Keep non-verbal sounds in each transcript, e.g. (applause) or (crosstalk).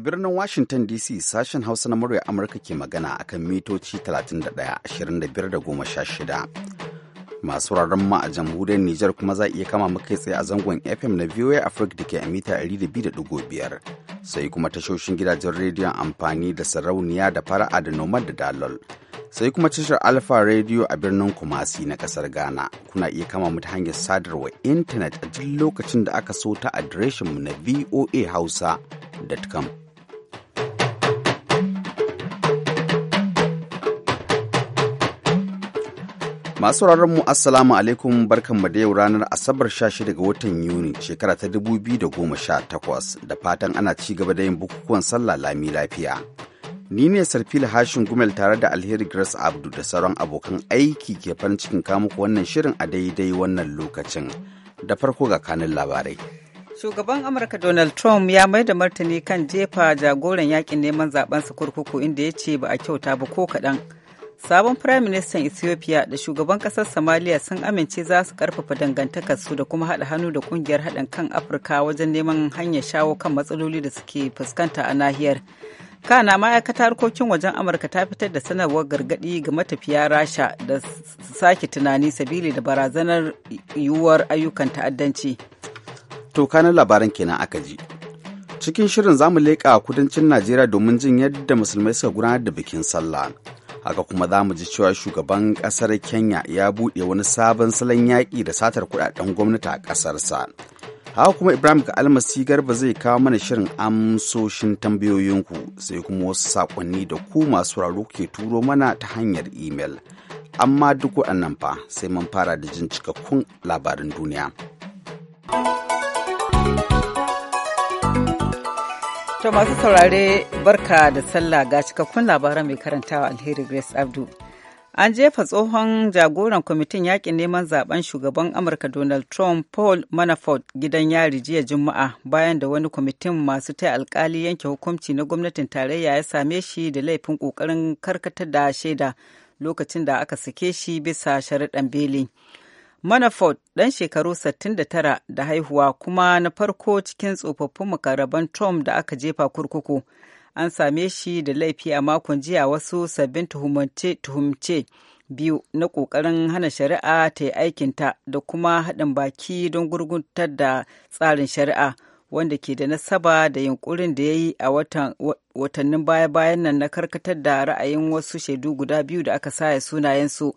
Daga birnin Washington DC sashen Hausa na murya Amurka ke magana akan mitoci 31-25-16. Masu rarren ma a jamhuriyar Nijar kuma za iya kama muka tsaye a zangon FM na VOA Africa da ke a mita 200.5 sai kuma tashoshin gidajen rediyon amfani da sarauniya da fara'a da nomad da dalol. Sai kuma tashar Alpha Radio a birnin Kumasi na kasar Ghana. Kuna iya kama mu ta hanyar sadarwa intanet a duk lokacin da aka so ta adireshinmu na voahausa.com. Masu mu Assalamu alaikum mu da yau ranar Asabar 16 ga watan Yuni shekara ta 2018 da fatan ana ci gaba da yin bukukuwan sallah lami lafiya. Ni ne Sarfila Hashin Gumel tare da Alheri Grace Abdu da sauran abokan aiki ke farin cikin kamuku wannan shirin a daidai wannan lokacin. Da farko ga kanin labarai. Shugaban Amurka Donald Trump ya mai da martani kan jefa jagoran yakin neman zaben su kurkuku inda ya ce ba a kyauta ba ko kaɗan. sabon firaministan ethiopia da shugaban kasar somalia sun amince za su karfafa dangantakarsu da kuma haɗa hannu da kungiyar haɗin kan afirka wajen neman hanyar shawo kan matsaloli da suke fuskanta a nahiyar kana ma'aikatar harkokin wajen amurka ta fitar da sanarwar gargaɗi ga matafiya rasha da sake tunani sabili da barazanar yiwuwar ayyukan ta'addanci to labaran kenan aka ji cikin shirin zamu leƙa kudancin najeriya domin jin yadda musulmai suka gudanar da bikin sallah haka kuma za mu ji cewa shugaban ƙasar kenya ya buɗe wani sabon salon yaƙi da satar kuɗaɗen gwamnati a ƙasarsa haka kuma ibrahim ka almasi garba zai kawo mana shirin amsoshin tambayoyinku sai kuma wasu saƙonni da ku masu raro ke turo mana ta hanyar imel amma duk waɗannan fa sai mun fara da jin cikakkun labarin duniya. To masu saurare barka da sallah ga cikakkun labaran mai karantawa alheri Grace Abdu. An jefa tsohon jagoran kwamitin yakin neman zaben shugaban Amurka Donald Trump Paul Manafort gidan yari jiya Juma'a bayan da wani kwamitin masu ta'i alkali yanke hukunci na gwamnatin tarayya ya same shi da laifin ƙoƙarin karkatar da shaida lokacin da aka sake shi bisa sharaɗan beli. Manafort ɗan shekaru 69 da haihuwa kuma na farko cikin tsofaffin makaraban Trump da aka jefa kurkuku. An same shi da laifi a makon jiya wasu sabbin tuhumce biyu na ƙoƙarin hana shari'a ta yi aikinta da kuma haɗin baki don gurguntar da tsarin shari'a wanda ke da nasaba da yunkurin da ya yi a watannin baya-bayan nan na karkatar da ra'ayin wasu shaidu guda biyu da aka saya sunayensu. su.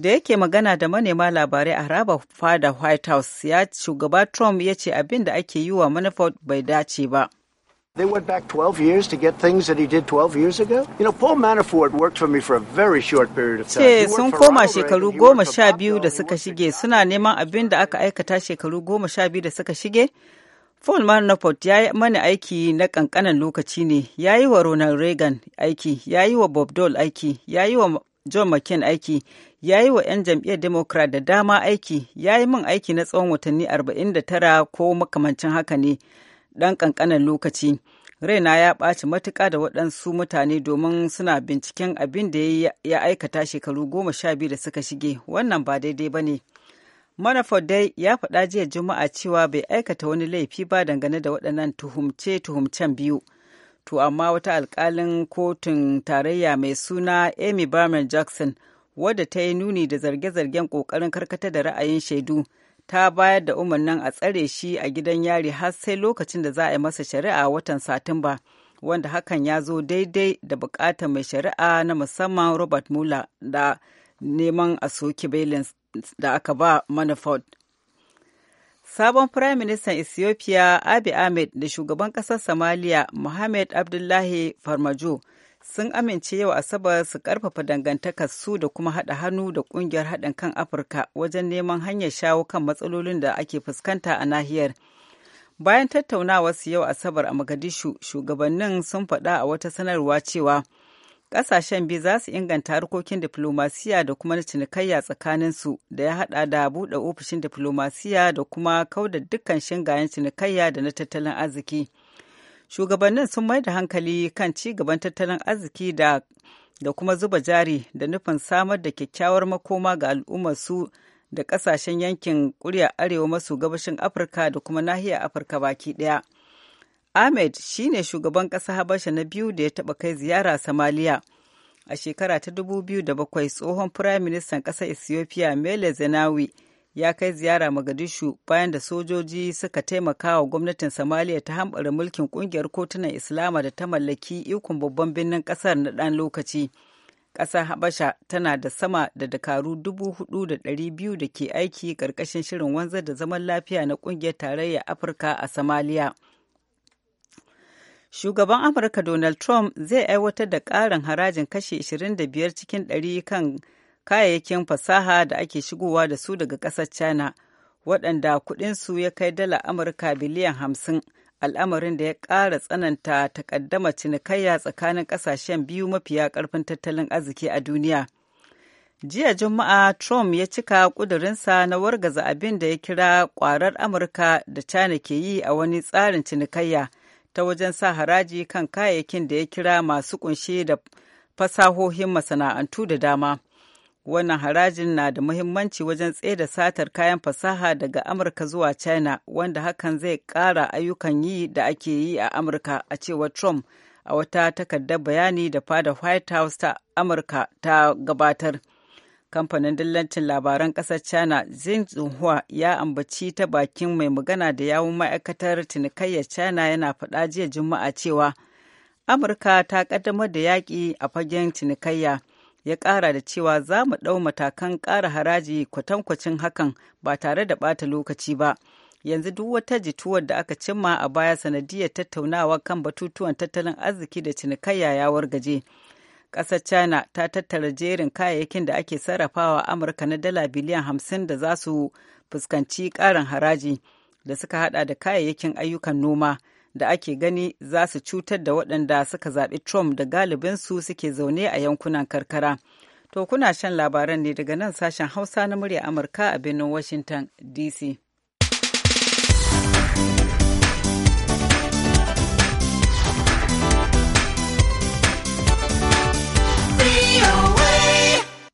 da yake magana da manema labarai a raba fada white house ya shugaba trump ya ce abin da ake yi wa manafort bai dace ba They went back 12 years to get things that he did 12 years ago? You know, Paul Manafort worked for me for a very short period of time. Ce sun koma shekaru goma sha biyu da suka shige suna neman abin da aka aikata shekaru goma sha biyu da suka shige? Paul Manafort ya yi mana aiki na kankanan lokaci ne, ya yi wa Ronald Reagan aiki, ya yi wa Bob Dole aiki, ya yi wa John McCain aiki, ya yi wa 'yan jam'iyyar democrat da dama aiki ya yi min aiki na tsawon watanni 49 ko makamancin haka ne ɗan ƙanƙanan lokaci raina ya ɓaci matuka da waɗansu mutane domin suna binciken abin da ya aikata shekaru goma sha biyu da suka shige wannan ba daidai ba ne manafort dai ya faɗa jiya juma'a cewa bai aikata wani laifi ba dangane da waɗannan tuhumce-tuhumcen biyu to amma wata alkalin kotun tarayya mai suna amy barman jackson wadda ta yi nuni da zarge-zargen ƙoƙarin karkata da ra'ayin shaidu ta bayar da umarnin a tsare shi a gidan yari har sai lokacin da za a yi masa shari'a watan satumba wanda hakan ya zo daidai da bukatar mai shari'a na musamman robert Muller, da neman a soki bailin da aka ba manafort sabon firaministan ethiopia abiy ahmed da shugaban kasar somalia mohamed abdullahi farmajo sun amince yau asabar su karfafa dangantakar su da kuma haɗa hannu da ƙungiyar haɗin kan afirka wajen neman hanyar shawo kan matsalolin da ake fuskanta a nahiyar bayan tattaunawar su yau asabar a magadishu shugabannin sun faɗa a wata sanarwa cewa ƙasashen biyu za su inganta harkokin diflomasiya da kuma na cinikayya tsakanin su da ya haɗa da buɗe ofishin diflomasiya da kuma kauda dukkan shingayen cinikayya da na tattalin arziki shugabannin sun mai da hankali kan ci gaban tattalin arziki da da kuma zuba jari da nufin samar da kyakkyawar makoma ga al'ummarsu da kasashen yankin kuriya arewa maso gabashin afirka da kuma nahiyar afirka baki daya ahmed shine shugaban ƙasa habasha na biyu da ya taba kai ziyara samaliya a shekara ta 2007 tsohon firayim ministan ƙasar ethiopia mele zenawi ya kai ziyara Magadishu bayan da sojoji suka taimaka wa gwamnatin Somalia ta hambara mulkin kungiyar kotunan Islama da ta mallaki ikon babban birnin kasar na ɗan lokaci. Ƙasar Habasha tana da sama da dakaru dubu hudu da ɗari biyu da ke aiki ƙarƙashin shirin wanzar da zaman lafiya na ƙungiyar tarayya Afirka a Somalia. Shugaban Amurka Donald Trump zai aiwatar da ƙarin harajin kashe 25 cikin 100 kan kayayyakin fasaha da ake shigowa da su daga ƙasar China, waɗanda kuɗinsu ya kai dala Amurka biliyan hamsin, al'amarin da ya ƙara tsananta takaddama cinikayya tsakanin ƙasashen biyu mafiya ƙarfin tattalin arziki a duniya. Jiya Juma'a, Trump ya cika ƙudurinsa na wargaza abin da ya kira ƙwarar Amurka da China ke yi a wani tsarin cinikayya ta wajen sa haraji kan kayayyakin da ya kira masu ƙunshe da fasahohin masana'antu da dama. wannan harajin na da muhimmanci wajen da satar kayan fasaha daga amurka zuwa china wanda hakan zai ƙara ayyukan yi da ake yi a amurka a cewar trump a wata takardar bayani da fada white house ta amurka ta gabatar kamfanin dillancin labaran ƙasar china xinhua ya ambaci ta bakin mai magana da yawun ma'aikatar cinikayyar china yana faɗa jiya juma'a cewa amurka ta ƙaddamar da yaƙi a fagen cinikayya ya ƙara da cewa za mu ɗau matakan ƙara haraji kwatankwacin hakan ba tare da ɓata lokaci ba yanzu duk wata jituwar da aka cimma a baya sanadiyar tattaunawa kan batutuwan tattalin arziki da cinikayya ya wargaje ƙasar china ta tattara jerin kayayyakin da ake sarrafawa amurka na dala biliyan hamsin da za su fuskanci ƙarin haraji da suka hada da kayayyakin ayyukan noma da ake gani za su cutar da waɗanda suka zaɓi Trump da galibinsu suke zaune a yankunan karkara. To kuna shan labaran ne daga nan sashen Hausa na murya Amurka a birnin Washington DC.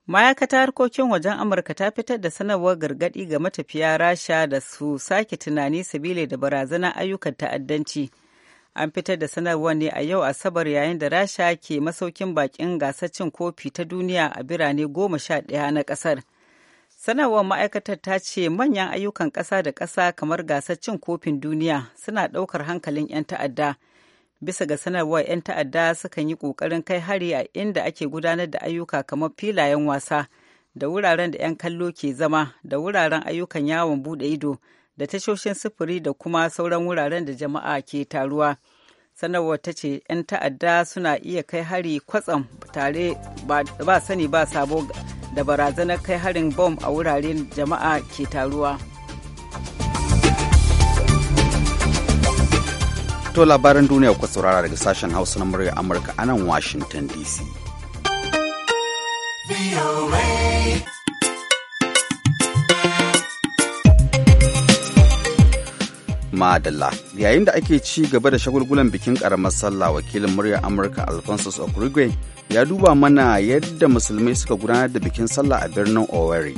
ma'aikata harkokin wajen amurka ta fitar da sanarwar gargaɗi ga matafiya rasha da su sake tunani sabili da barazanar ayyukan ta'addanci an fitar da sanarwar ne a yau asabar yayin da rasha ke masaukin bakin gasar cin kofi ta duniya a birane goma sha ɗaya na ƙasar sanarwar ma'aikatar ta ce manyan ayyukan ƙasa da ƙasa kamar gasar cin kofin duniya suna ɗaukar hankalin 'yan ta'adda bisa ga sanarwar 'yan ta'adda sukan yi ƙoƙarin kai hari a inda ake gudanar da ayyuka kamar filayen wasa da wuraren da 'yan kallo ke zama da wuraren ayyukan yawon buɗe ido da tashoshin sufuri da kuma sauran wuraren da jama'a ke taruwa sanarwar ta ce 'yan ta'adda suna iya kai hari kwatsam tare ba sani ba sabo da barazanar kai harin bom a wuraren jama'a ke taruwa. To labaran duniya kuka saurara daga sashen Hausa na murya Amurka a nan Washington DC. Madalla yayin da ake ci gaba da shagulgulan bikin karamar sallah wakilin murya Amurka Alphonsus Okurigwe ya duba mana yadda musulmai suka gudanar da bikin sallah a birnin Owerri.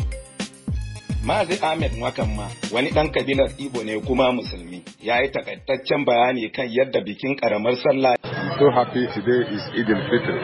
Mazi Ahmed Makamma wani ɗan kabilar Igbo ne kuma musulmi ya yi takaitaccen bayani kan yadda bikin karamar sallah. I'm so happy today is Eid al-Fitr.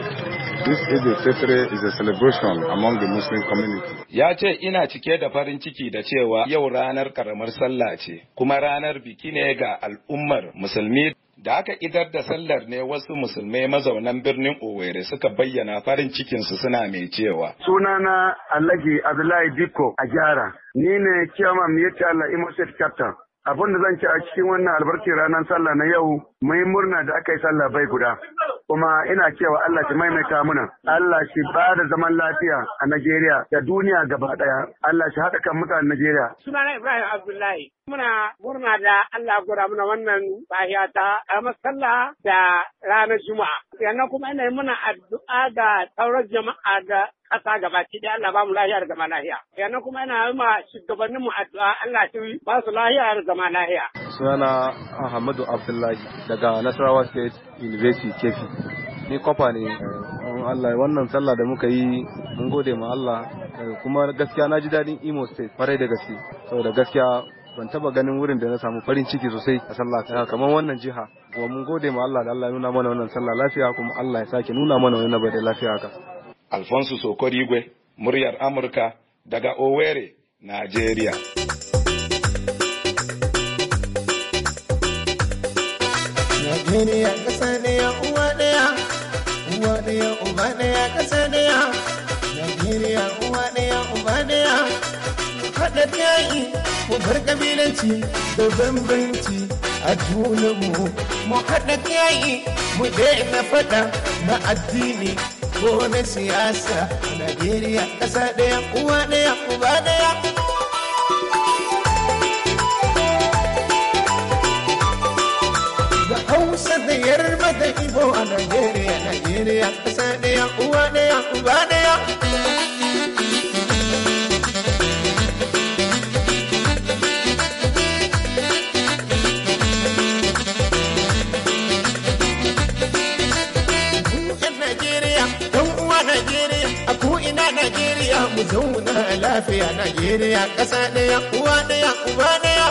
This Eid al-Fitr is a celebration among the Muslim community. Ya ce ina cike da farin ciki da cewa yau ranar karamar sallah ce kuma ranar biki ne ga al'ummar musulmi Da aka idar da sallar ne wasu musulmai mazaunan birnin Owerri suka bayyana farin cikinsu suna mai cewa. Sunana Alhaji Abdullahi Biko a gyara. Ni ne Chairman Miyata Allah Imo Captain. Abin da zan ci a cikin wannan albarkin ranar sallah na yau mun murna da aka yi sallah bai guda kuma ina cewa Allah shi maimaita muna Allah shi ba da zaman lafiya a Najeriya da duniya gaba daya Allah shi haɗa kan mutanen Najeriya sunana Ibrahim Abdullahi muna murna da Allah gura muna wannan bahiya ta sallah da ranar Juma'a Yannan kuma ina muna addu'a da sauran jama'a da ƙasa ki da Allah ba mu lahiya da zama lahiya. Yannan kuma ina ma shugabanninmu addu'a Allah shi ba su lahiya da zama lahiya. sunana ahmadu abdullahi daga nasarawa state university kefi ni kofa ne allah wannan sallah da muka yi mun gode ma allah kuma gaskiya na ji daɗin imo state farai da gaske saboda gaskiya ban taba ganin wurin da na samu farin ciki sosai a sallah ta kamar wannan jiha kuma mun gode ma allah da allah ya nuna mana wannan sallah lafiya kuma allah ya sake nuna mana wannan bai da lafiya haka alfonso igwe muryar amurka daga owerri nigeria Najeriya ƙasa ɗaya uwa ɗaya, uwa ɗaya uba ɗaya kasa ɗaya. Najeriya uwa ɗaya uba ɗaya. Haɗa yayi mu bar ƙabilanci da bambanci a junanmu. Mu haɗa yayi mu daina faɗa na addini ko na siyasa. Najeriya ƙasa ɗaya uwa ɗaya uba ɗaya. Diyar mata Ibo a Najeriya, Najeriya ƙasa ɗaya, uwa ɗaya, uba ɗaya. Najeriya mu zauna lafiya Najeriya ƙasa ɗaya uwa ɗaya uba ɗaya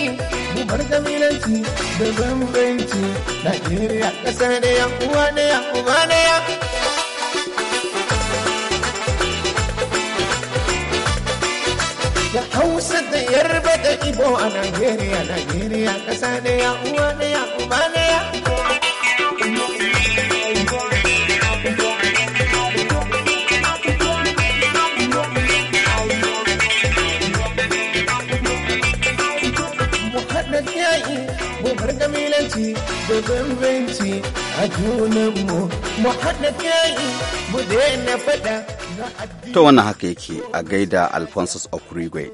yaƙi mu bar kabilanci da bambanci Najeriya ƙasa da uwa da uba da ya Hausa da Yarba da Ibo a Najeriya, Najeriya ƙasa da uwa da uba da ta wannan haka yake a gaida alphonsus okurigwe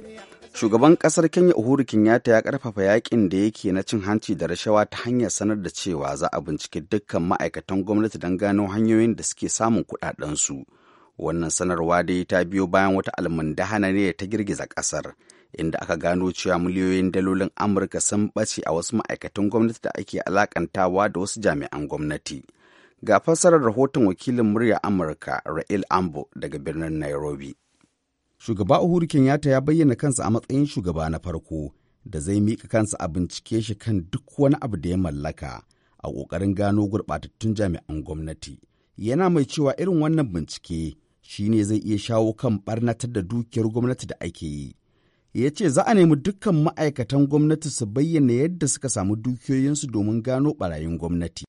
shugaban ƙasar kenya uhuru kenyatta ya ƙarfafa yakin da yake na cin hanci da rashawa ta hanyar sanar da cewa za a bincike dukkan ma'aikatan gwamnati don gano hanyoyin da suke samun kuɗaɗensu wannan sanarwa dai ta biyo bayan wata almundahana ne ta girgiza ƙasar. inda aka gano cewa miliyoyin dalolin amurka sun ɓace a wasu ma'aikatan gwamnati da ake alakantawa da wasu jami'an gwamnati ga fassarar rahoton wakilin murya amurka ra'il ambo daga birnin nairobi shugaba uhuru kenyatta ya bayyana kansa a matsayin shugaba na farko da zai mika kansa a bincike shi kan duk wani abu da ya mallaka a ƙoƙarin gano gurɓatattun jami'an gwamnati yana mai cewa irin wannan bincike shine zai iya shawo kan ɓarnatar da dukiyar gwamnati da ake yi ya ce za a nemi dukkan ma'aikatan gwamnati su bayyana yadda suka samu dukiyoyinsu domin gano barayin gwamnati.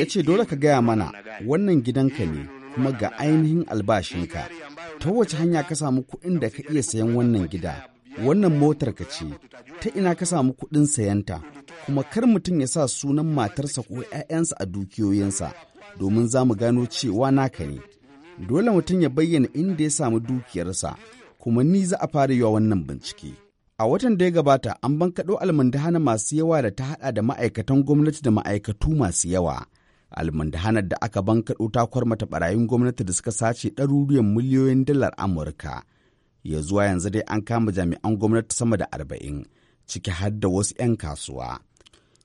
Ya ce dole ka gaya mana wannan gidanka ne kuma ga ainihin albashinka. Ta wace hanya ka samu kuɗin da ka iya sayan wannan gida? Wannan motar ka ce, ta ina ka samu kuɗin sayanta, kuma kar mutum ya sa sunan matarsa ko 'ya'yansa a dukiyoyinsa, domin za mu gano cewa naka ne. dole mutum ya bayyana inda ya samu dukiyarsa kuma ni za a fara yiwa wannan bincike a watan da ya gabata an bankaɗo almundahana masu yawa da ta haɗa da ma'aikatan gwamnati da ma'aikatu masu yawa almundahanar da aka bankaɗo ta kwarmata barayin gwamnati da suka sace ɗaruruwan miliyoyin dalar amurka ya zuwa yanzu dai an kama jami'an gwamnati sama da arba'in ciki har da wasu 'yan kasuwa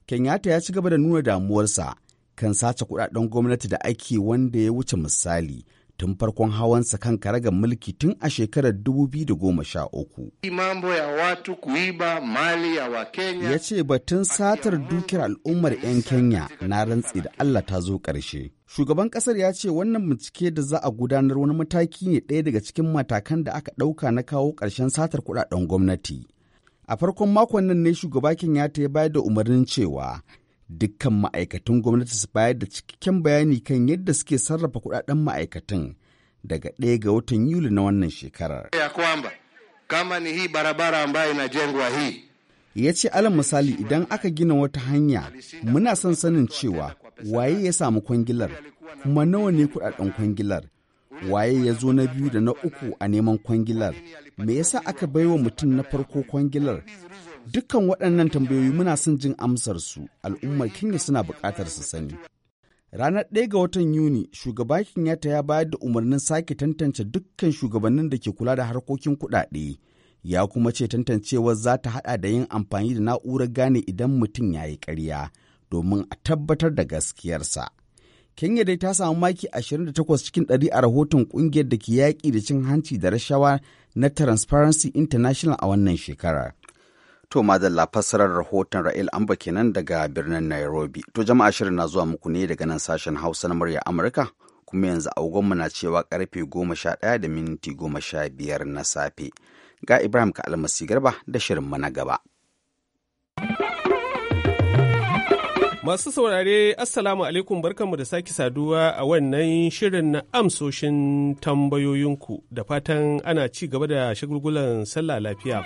kenyatta ya ci gaba da nuna damuwarsa kan sace kuɗaɗen gwamnati da ake wanda ya wuce misali tun farkon hawansa kan karagar mulki tun a shekarar 2013. biyu ya goma sha uku. ya Ya ce batun satar dukiyar al'ummar 'yan Kenya na rantsi da Allah ta zo ƙarshe. Shugaban ƙasar ya ce wannan bincike da za a gudanar wani mataki ne ɗaya daga cikin matakan da aka ɗauka na kawo ƙarshen satar kuɗaɗen gwamnati. A farkon makon nan ne shugaba Kenyatta ya bayar da umarnin cewa dukkan ma'aikatan gwamnati su bayar da cikakken bayani kan yadda suke sarrafa kudaden ma'aikatan daga ɗaya ga watan Yuli na wannan shekarar. Ya kwamba kama ni hii barabara hii. Ya ce alal misali idan aka gina wata hanya muna son sanin cewa waye ya samu kwangilar kuma nawa ne kudaden kwangilar waye ya zo na biyu da na uku a neman kwangilar me yasa aka baiwa mutum na farko kwangilar Dukkan waɗannan tambayoyi muna son jin amsarsu al'ummar Kenya suna buƙatar su sani. Ranar 1 ga watan Yuni, shugaba Kenyatta ya bayar da umarnin sake tantance dukkan shugabannin da ke kula da harkokin kuɗaɗe, ya kuma ce tantancewar za ta haɗa da yin amfani da na'urar gane idan mutum ya yi ƙarya domin a tabbatar da gaskiyarsa. Kenya dai ta samu maki 28 cikin 100 a rahoton ƙungiyar da ke yaƙi da cin hanci da rashawa na Transparency International a wannan shekarar. To madalla fassarar rahoton Ra'il Amba kenan daga birnin Nairobi. To jama'a shirin na zuwa muku ne daga nan sashen Hausa na murya Amurka kuma yanzu agogonmu na cewa karfe goma sha ɗaya da minti goma sha biyar na safe. Ga Ibrahim ka almasi garba da shirin mu na gaba. Masu saurare Assalamu alaikum barkanmu da sake saduwa a wannan shirin na amsoshin tambayoyinku da fatan ana ci gaba da shagulgulan sallah lafiya.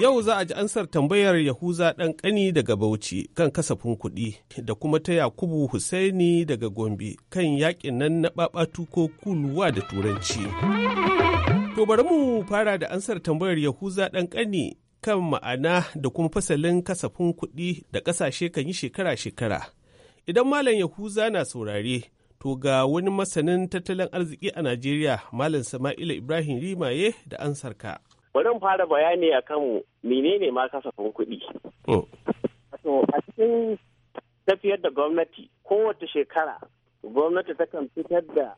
Yau za a ji ansar tambayar Yahuza ɗan ƙani daga Bauchi kan kasafin kuɗi da kuma ta Yakubu Husaini daga Gombe kan yaƙin nan na ɓaɓatu ko kuluwa da Turanci. To bari mu fara da ansar tambayar Yahuza ɗan ƙani kan ma'ana da kuma fasalin kasafin kuɗi da ƙasashe kan yi shekara-shekara. Idan Malam Yahuza na saurare, to ga wani masanin tattalin arziki a Najeriya, Malam Sama'ila Ibrahim Rimaye da ansarka. bari fara bayani a akan menene ma kasafin kuɗi. a cikin tafiyar da gwamnati kowace shekara gwamnati takan fitar da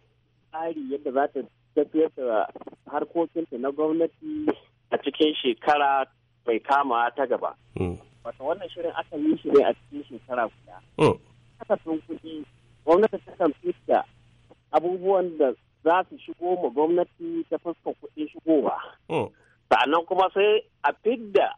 tsari yadda za ta tafiyar da harkokinta na gwamnati a cikin shekara mai kama ta gaba. Mm. Wata wannan shirin aka yi shi ne a cikin shekara guda. Mm. Kasafin kuɗi gwamnati takan fita abubuwan da za su shigo ma gwamnati ta fuskar kuɗin shigowa. Mm. sa'annan kuma sai a fidda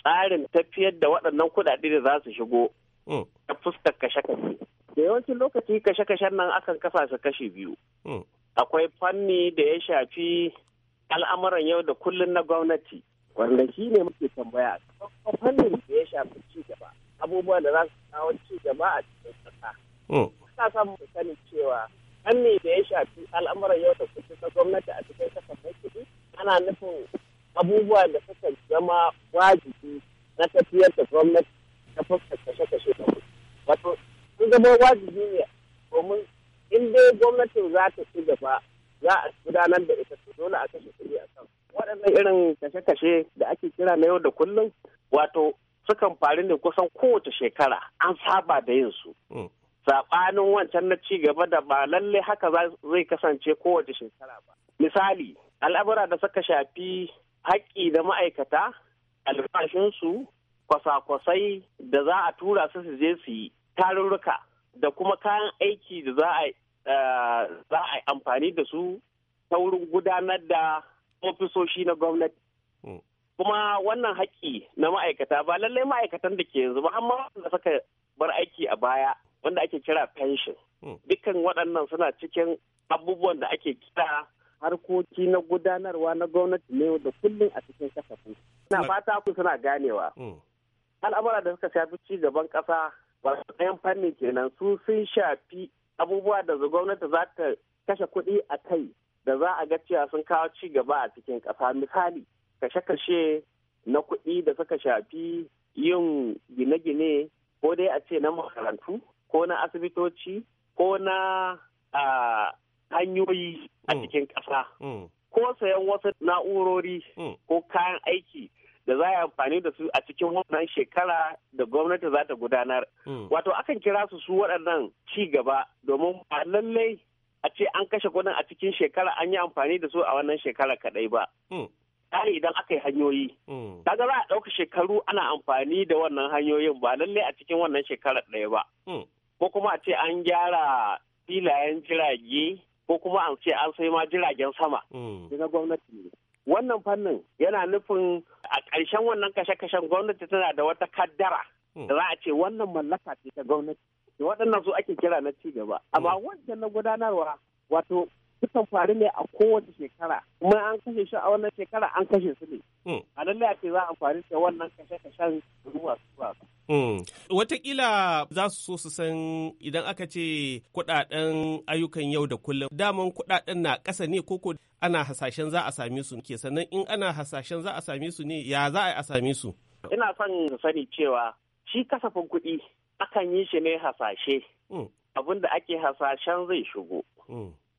tsarin tafiyar da waɗannan kuɗaɗe da za su shigo hmm. ta fuskar kashe-kashe da yawancin lokaci kashe-kashen nan akan kasa su kashe biyu hmm. akwai fanni da ya shafi al'amuran yau da kullum na gwamnati wanda shi ne muke tambaya fannin da ya shafi ci gaba abubuwan da za su kawo ci gaba a cikin ƙasa Ina hmm. samun mu sani cewa fanni da ya shafi al'amuran yau da kullum na gwamnati a cikin mai kudi ana nufin abubuwa da suka zama wajibi na tafiyar da gwamnati ta fuska kashe-kashe da Wato, sun zama wajibi ne domin in dai gwamnatin za ta ci gaba za a gudanar da ita su dole a kashe kuɗi a kan. Waɗannan irin kashe-kashe da ake kira na yau da kullum wato sukan faru ne kusan kowace shekara an saba da yin su. Hmm. Saɓanin wancan na ci gaba da ba lallai haka zai kasance kowace shekara ba. Misali, al'amura da suka shafi haƙƙi da ma'aikata albashinsu kwasa-kwasai da za a tura su su je su yi tarurruka da kuma kayan aiki da za a eh, yi amfani da su ta wurin gudanar da ofisoshi na gwamnati. Hmm. Kuma wannan haƙƙi na ma'aikata ba lallai ma'aikatan da ke yanzu ba amma da suka bar aiki a baya wanda ake kira pension. Hmm. Dukkan waɗannan suna cikin abubuwan da ake kira harkoki na gudanarwa na gwamnati ne da kullum a cikin kasafin. Na fata ku suna ganewa. Mm. Al'amura da suka shafi ci gaban ƙasa ba ɗayan fannin kenan su sun shafi abubuwa da gwamnati za ta kashe kuɗi a kai da za a ga cewa sun kawo ci gaba a cikin ƙasa misali kashe-kashe na kuɗi da suka shafi yin gine-gine ko dai a ce na makarantu ko na asibitoci ko na ah, hanyoyi a mm. cikin ƙasa mm. ko sayan wasu na'urori mm. ko kayan aiki da za a amfani da su a cikin wannan shekara da gwamnati za ta gudanar. Wato akan kira su su waɗannan ci gaba domin ba lallai a ce an kashe kudin a cikin shekara an yi amfani da su a wannan shekara kaɗai ba. yi idan aka yi hanyoyi. Kaga za a ɗauka shekaru ana amfani da wannan hanyoyin ba lallai a cikin wannan shekara ɗaya ba. Ko kuma a ce an gyara filayen jirage ko kuma an ce an sai ma jiragen sama mm. na gwamnati ne wannan fannin yana nufin a ƙarshen wannan kashe-kashen gwamnati tana da wata kaddara mm. da za a ce wannan mallaka ce ta gwamnati waɗannan su ake kira na ci gaba amma mm. wancan na gudanarwa wato sukan faru ne a kowace shekara kuma an kashe shi a wannan shekara an kashe su ne hmm. a lallai a ce za a faru da wannan kashe-kashen zuwa zuwa hmm. Wataƙila za su so su san idan aka ce kuɗaɗen ayyukan yau da kullum daman kuɗaɗen na ƙasa ne koko ana hasashen za a same su ke sannan in ana hasashen za a same su ne ya za a same su. Ina son sani cewa shi kasafin kuɗi akan yi shi ne hasashe hmm. abin da ake hasashen zai shigo.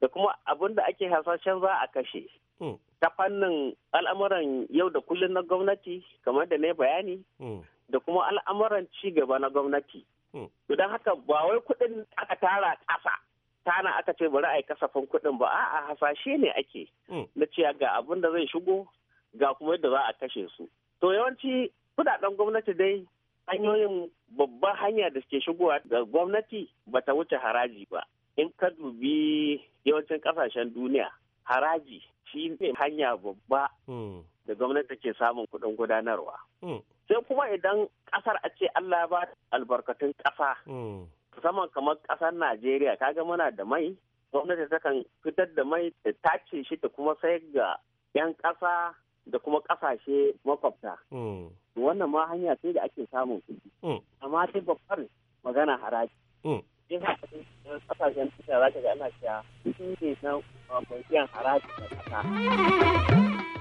da kuma abin da ake hasashen za a kashe hmm. ta fannin al'amuran yau da kullum na gwamnati kamar da na bayani hmm. da kuma al'amuran ci gaba na gwamnati hmm. don haka ba wai kuɗin aka tara ƙasa tana aka ce bari a yi kasafin kudin ba a'a hasashe ne ake na cewa ga abin da zai shigo ga kuma yadda za a kashe su to yawanci kudaden gwamnati dai hanyoyin babban hanya da suke shigowa ga gwamnati bata wuce haraji ba in ka dubi yawancin kasashen duniya haraji shi ne hanya babba hmm. da gwamnati ke samun kuɗin gudanarwa. Hmm. Sai kuma idan ƙasar a ce Allah ba albarkatun ƙasa, hmm. musamman kamar ƙasar Najeriya, kaga muna da mai, gwamnati takan fitar da mai da tace shi da kuma sayar ga 'yan ƙasa da kuma ƙasashe makwabta. Wannan ma hanya sai da ake samun kuɗi. Amma sai babbar magana haraji. yin tuta za ga ana ne na ah, haraji da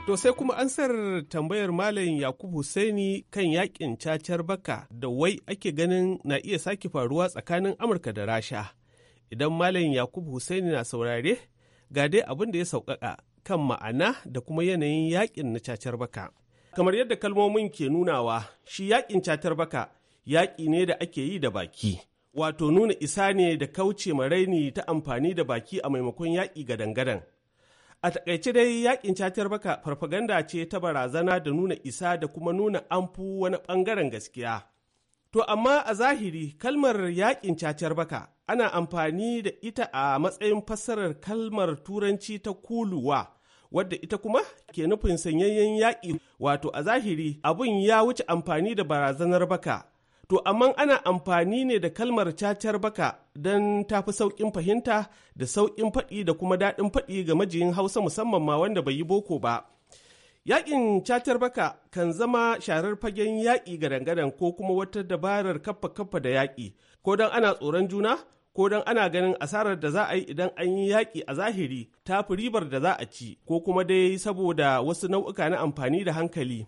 To sai kuma an ansar tambayar Malam Yakubu Hussaini kan yakin cacar baka da wai ake ganin na iya sake faruwa tsakanin Amurka da Rasha. Idan Malam Yakubu Hussaini na saurare, ga dai abin da ya sauƙaƙa kan ma'ana da kuma yanayin yakin na cacar baka. Kamar yadda kalmomin ke nunawa, shi yakin cacar baka yaƙi ne da ake yi da baki. wato nuna isa ne da kauce ma raini ta amfani da baki a maimakon yaƙi gadan-gadan. A takaice dai yaƙin catar baka farfaganda ce ta barazana da nuna isa da kuma nuna amfu wani ɓangaren gaskiya. To amma a zahiri kalmar yaƙin cacar baka ana amfani da ita a matsayin fassarar kalmar turanci ta kuluwa. wadda ita kuma ke nufin sanyayyen yaƙi wato a zahiri abun ya wuce amfani da barazanar baka to amma ana amfani ne da kalmar cacar baka don tafi sauƙin fahimta da sauƙin faɗi da kuma daɗin faɗi ga majiyin hausa musamman ma wanda bai yi boko ba yaƙin cacar baka kan zama sharar fagen yaƙi ga dangadan ko kuma wata dabarar kaffa kaffa da yaƙi ko don ana tsoron juna ko don ana ganin asarar da za a yi idan an yi yaƙi a zahiri ta fi ribar da za a ci ko kuma dai saboda wasu nau'uka na amfani da hankali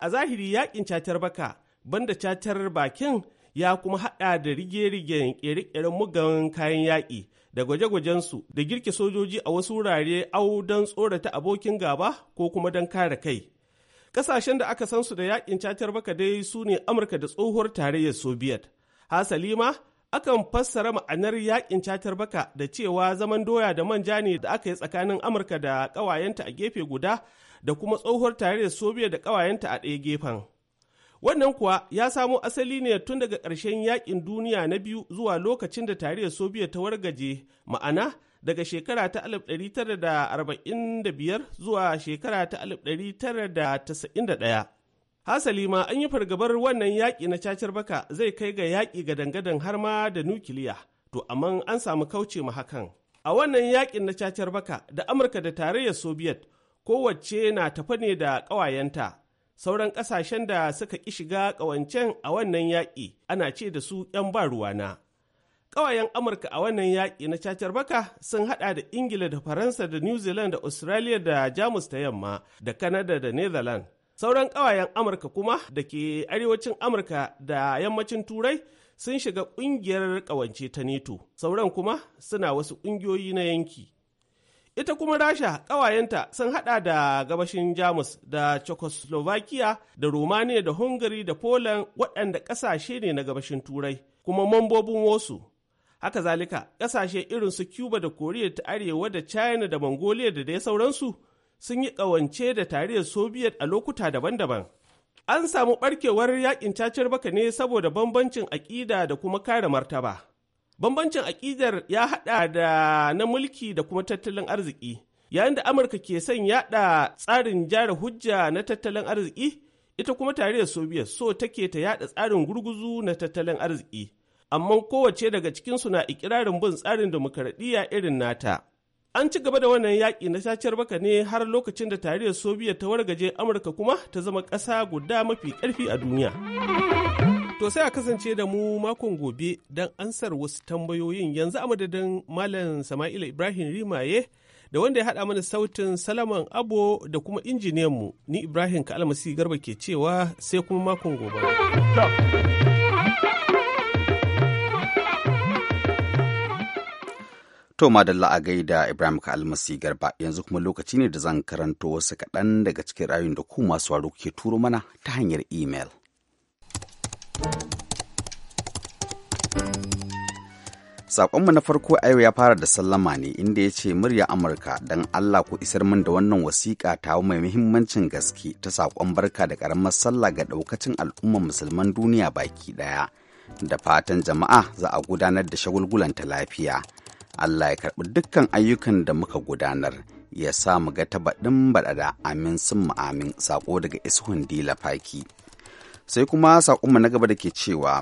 a zahiri yaƙin cacar baka banda cacar bakin ya kuma haɗa da rige rige ƙere-ƙeren mugan kayan yaƙi da gwaje-gwajensu da girke sojoji a wasu wurare au don tsorata abokin gaba ko kuma don kare kai. Ƙasashen da aka san su da yaƙin cacar baka dai su ne Amurka da tsohuwar tarayyar Soviet. Hasali ma, akan fassara ma'anar yaƙin cacar baka da cewa zaman doya da manja ne da aka yi tsakanin Amurka da ƙawayenta a gefe guda da kuma tsohuwar tarayyar Soviet da ƙawayenta a ɗaya gefen. Wannan kuwa ya samo asali ne tun daga ƙarshen yaƙin duniya na biyu zuwa lokacin da tarayyar Soviet ta wargaje, ma'ana daga shekara ta 1945 zuwa shekara ta 1991. Hasali ma an yi fargabar wannan yaƙi na cacar baka zai kai ga yaƙi ga dangadan har ma da nukiliya, to amma an samu kauce ma hakan. A wannan yaƙin na cacar baka da Amurka da tarayyar Soviet kowacce na tafa ne da ƙawayenta. sauran ƙasashen da suka ƙi shiga ƙawancen a wannan yaƙi ana ce da su 'yan ba ruwana. Ƙawayen Amurka a wannan yaƙi na cacar baka sun haɗa da Ingila da Faransa da New Zealand da Australia da Jamus ta yamma da Canada da Netherlands. Sauran ƙawayen Amurka kuma da ke arewacin Amurka da yammacin Turai sun shiga ƙungiyar ƙawance ta NETO, Sauran kuma suna wasu ƙungiyoyi na yanki. Ita kuma Rasha ƙawayenta sun haɗa da gabashin Jamus da Czechoslovakia da Romania da Hungary da Poland waɗanda ƙasashe ne na gabashin Turai kuma mambobin wasu. Haka zalika ƙasashe irin su Cuba da Koriya ta Arewa da China da Mongolia da dai sauransu sun yi ƙawance da tarayyar Soviet a lokuta daban-daban. An samu ɓarkewar yakin cacar baka ne saboda bambancin aƙida da kuma kare martaba. Bambancin aƙidar ya haɗa da na mulki da kuma tattalin arziki. Yayin da Amurka ke son yaɗa tsarin jara hujja na tattalin arziki, ita kuma tarayyar Soviet so take ta yaɗa tsarin gurguzu na tattalin arziki. Amma kowace daga cikinsu na ikirarin bin tsarin demokaradiyya irin nata. An ci gaba da wannan yaƙi na sacar baka ne har lokacin da tarayyar Soviet ta wargaje Amurka kuma ta zama ƙasa guda mafi ƙarfi a duniya. To sai a kasance da mu makon gobe don ansar wasu tambayoyin yanzu a madadin Malam Sama'ila Ibrahim Rimaye da wanda ya haɗa mana sautin Salaman Abo da kuma mu ni Ibrahim Kalmasi Garba ke cewa sai kuma makon gobe. To madalla a gaida Ibrahim Kalmasi Garba yanzu kuma lokaci ne da zan karanto wasu kaɗan daga cikin rayun da ku masu waro ke turo mana ta hanyar imel. Saƙonmu na farko a yau ya fara da sallama ne inda ya ce murya Amurka don Allah ku isar min da wannan wasiƙa ta mai muhimmancin gaske ta saƙon barka da ƙaramar sallah ga ɗaukacin al'ummar musulman duniya baki ɗaya. Da fatan jama'a za a gudanar da shagulgulan ta lafiya. Allah ya karɓi dukkan ayyukan da muka gudanar. Ya sa mu ga ɗin baɗaɗa amin sun amin saƙo daga Ishun Dila Faki. sai kuma saƙonmu na gaba da ke cewa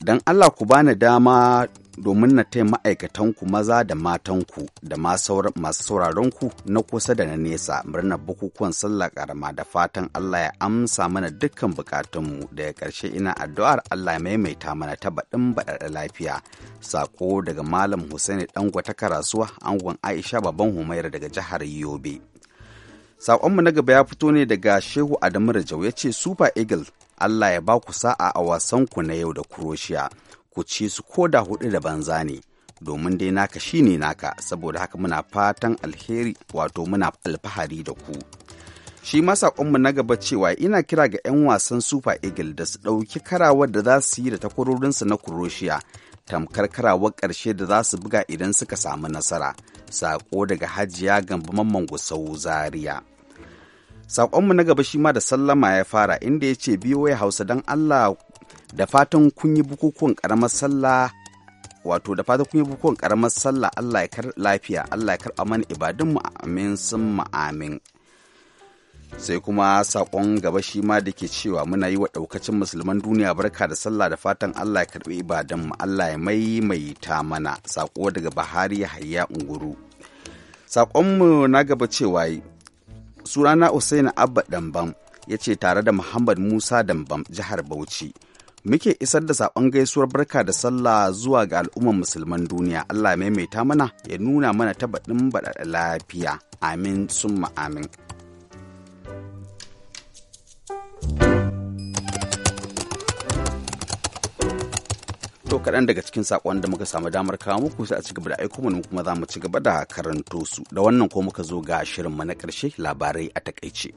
don allah ku bani dama domin na tai ma'aikatanku maza da matanku da masu sauraronku na kusa da na nesa murna bukukuwan sallah karama da fatan Allah ya amsa mana dukkan bukatunmu daga ƙarshe ina addu'ar Allah ya maimaita mana ta baɗin baɗaɗa lafiya sako daga malam Hussaini Dangwa ta karasuwa angon Aisha babban Humaira daga jihar Yobe. Saƙonmu na gaba ya fito ne daga Shehu Adamu Rajau ya ce Super Eagles Allah ya ba ku sa'a a wasanku na yau da Kuroshiya, ku ci su ko da hudu da banza ne, domin dai naka shi ne naka, saboda haka muna fatan alheri wato muna alfahari da ku. Shi ma saƙonmu na gaba cewa ina kira ga 'yan wasan Super Eagles da su ɗauki karawar da za su yi da takwarorinsu na Kuroshiya, tamkar karawar ƙarshe da za su buga idan suka samu nasara. sako daga Hajiya gamba Mamman Gusau Zaria. Saƙonmu na gaba shi ma da sallama ya fara inda ya ce biyo ya hausa don Allah da fatan kun yi bukukuwan ƙaramar sallah wato da fatan kun yi bukukuwan ƙaramar sallah Allah ya kar lafiya Allah ya karɓa mana ibadunmu amin sun amin. sai kuma saƙon gaba shi ma da ke cewa muna yi wa ɗaukacin musulman duniya barka da sallah da fatan Allah ya karɓi ibadun mu Allah ya maimaita mana saƙo daga Bahari Hayya Unguru saƙonmu na gaba cewa surana Usaini abba dambam ya ce tare da muhammad musa dambam jihar bauchi muke isar da saƙon gaisuwar barka da sallah zuwa ga al'ummar musulman duniya allah maimaita mana ya nuna mana tabaɗin baɗaɗa lafiya amin summa amin to kaɗan daga cikin saƙon da muka samu damar kawo muku sai a ci gaba da aiko mu kuma za mu ci gaba da karanto su da wannan ko muka zo ga shirin mu na ƙarshe labarai a takaice.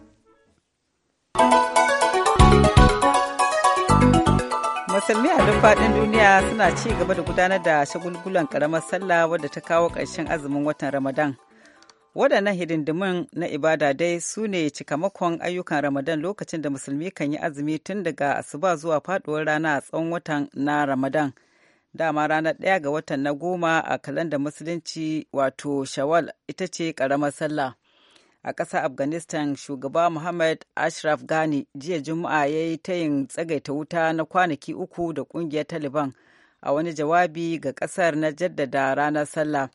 musulmi a duk faɗin duniya suna ci gaba da gudanar da shagulgulan karamar sallah wadda ta kawo ƙarshen azumin watan ramadan waɗannan hidindimin na ibada dai su ne cikamakon ayyukan ramadan lokacin da musulmi kan yi azumi tun daga asuba zuwa faɗuwar rana a tsawon watan na ramadan dama ranar ɗaya ga watan na goma a kalandar musulunci wato shawal ita ce ƙaramar sallah a ƙasa afghanistan shugaba muhammad ashraf ghani jiya juma'a ya yi tayin tsagaita wuta na kwanaki uku da ƙungiyar taliban a wani jawabi ga ƙasar na jaddada ranar sallah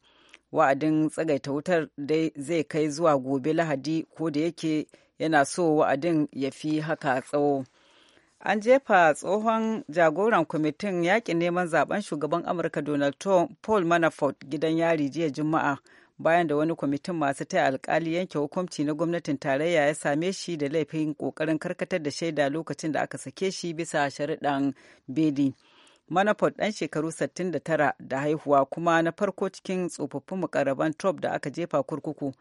wa'adin tsagaita wutar dai zai kai zuwa gobe lahadi ko da yake yana so wa'adin ya fi haka tsawo. an jefa tsohon jagoran kwamitin yakin neman zaben shugaban amurka donald trump paul manafort gidan yari jiya juma'a bayan da wani kwamitin masu taya alkali yanke hukunci na gwamnatin tarayya ya same shi da laifin kokarin karkatar da shaida lokacin da aka sake shi bisa sharuɗan bedi manafort ɗan shekaru 69 da haihuwa kuma na farko cikin tsofaffin mukarraban trump da aka jefa kurkuku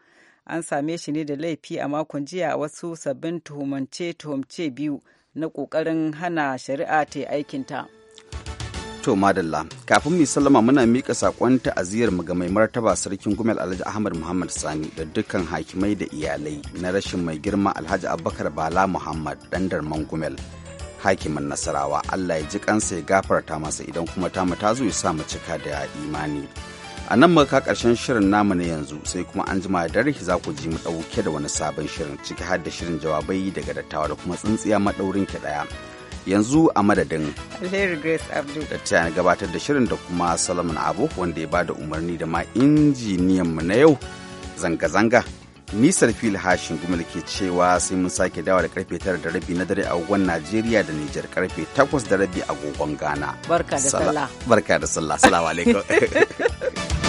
an same shi ne da laifi a makon jiya wasu sabbin tuhumance-tuhumce biyu na ƙoƙarin hana shari'a ta aikinta. To madalla kafin mu sallama muna mika saƙon ta'aziyar mu ga mai martaba sarkin gumel Alhaji Ahmad Muhammad Sani da dukkan hakimai da iyalai na rashin mai girma Alhaji Abubakar Bala Muhammad dan darman gumel hakimin Nasarawa Allah ya ji kansa ya gafarta masa idan kuma ta mu ta zo ya sa mu cika da imani. a nan muka karshen shirin namu na yanzu sai kuma an jima da dare za ku ji mu ɗauke da wani sabon shirin ciki har da shirin jawabai daga dattawa da kuma tsintsiya maɗaurin ki ɗaya yanzu a madadin alheri grace da ta gabatar da shirin da kuma solomon abu wanda ya bada umarni da ma injiniyan mu na yau zanga-zanga Nisar fil hashin gumal ke cewa sai mun sake dawa da karfe tara da rabi na dare a agogon Najeriya da Nijar karfe takwas da rabi a agogon Ghana. Barka da sallah. Barka da sallah. Salamu alaikum. (laughs)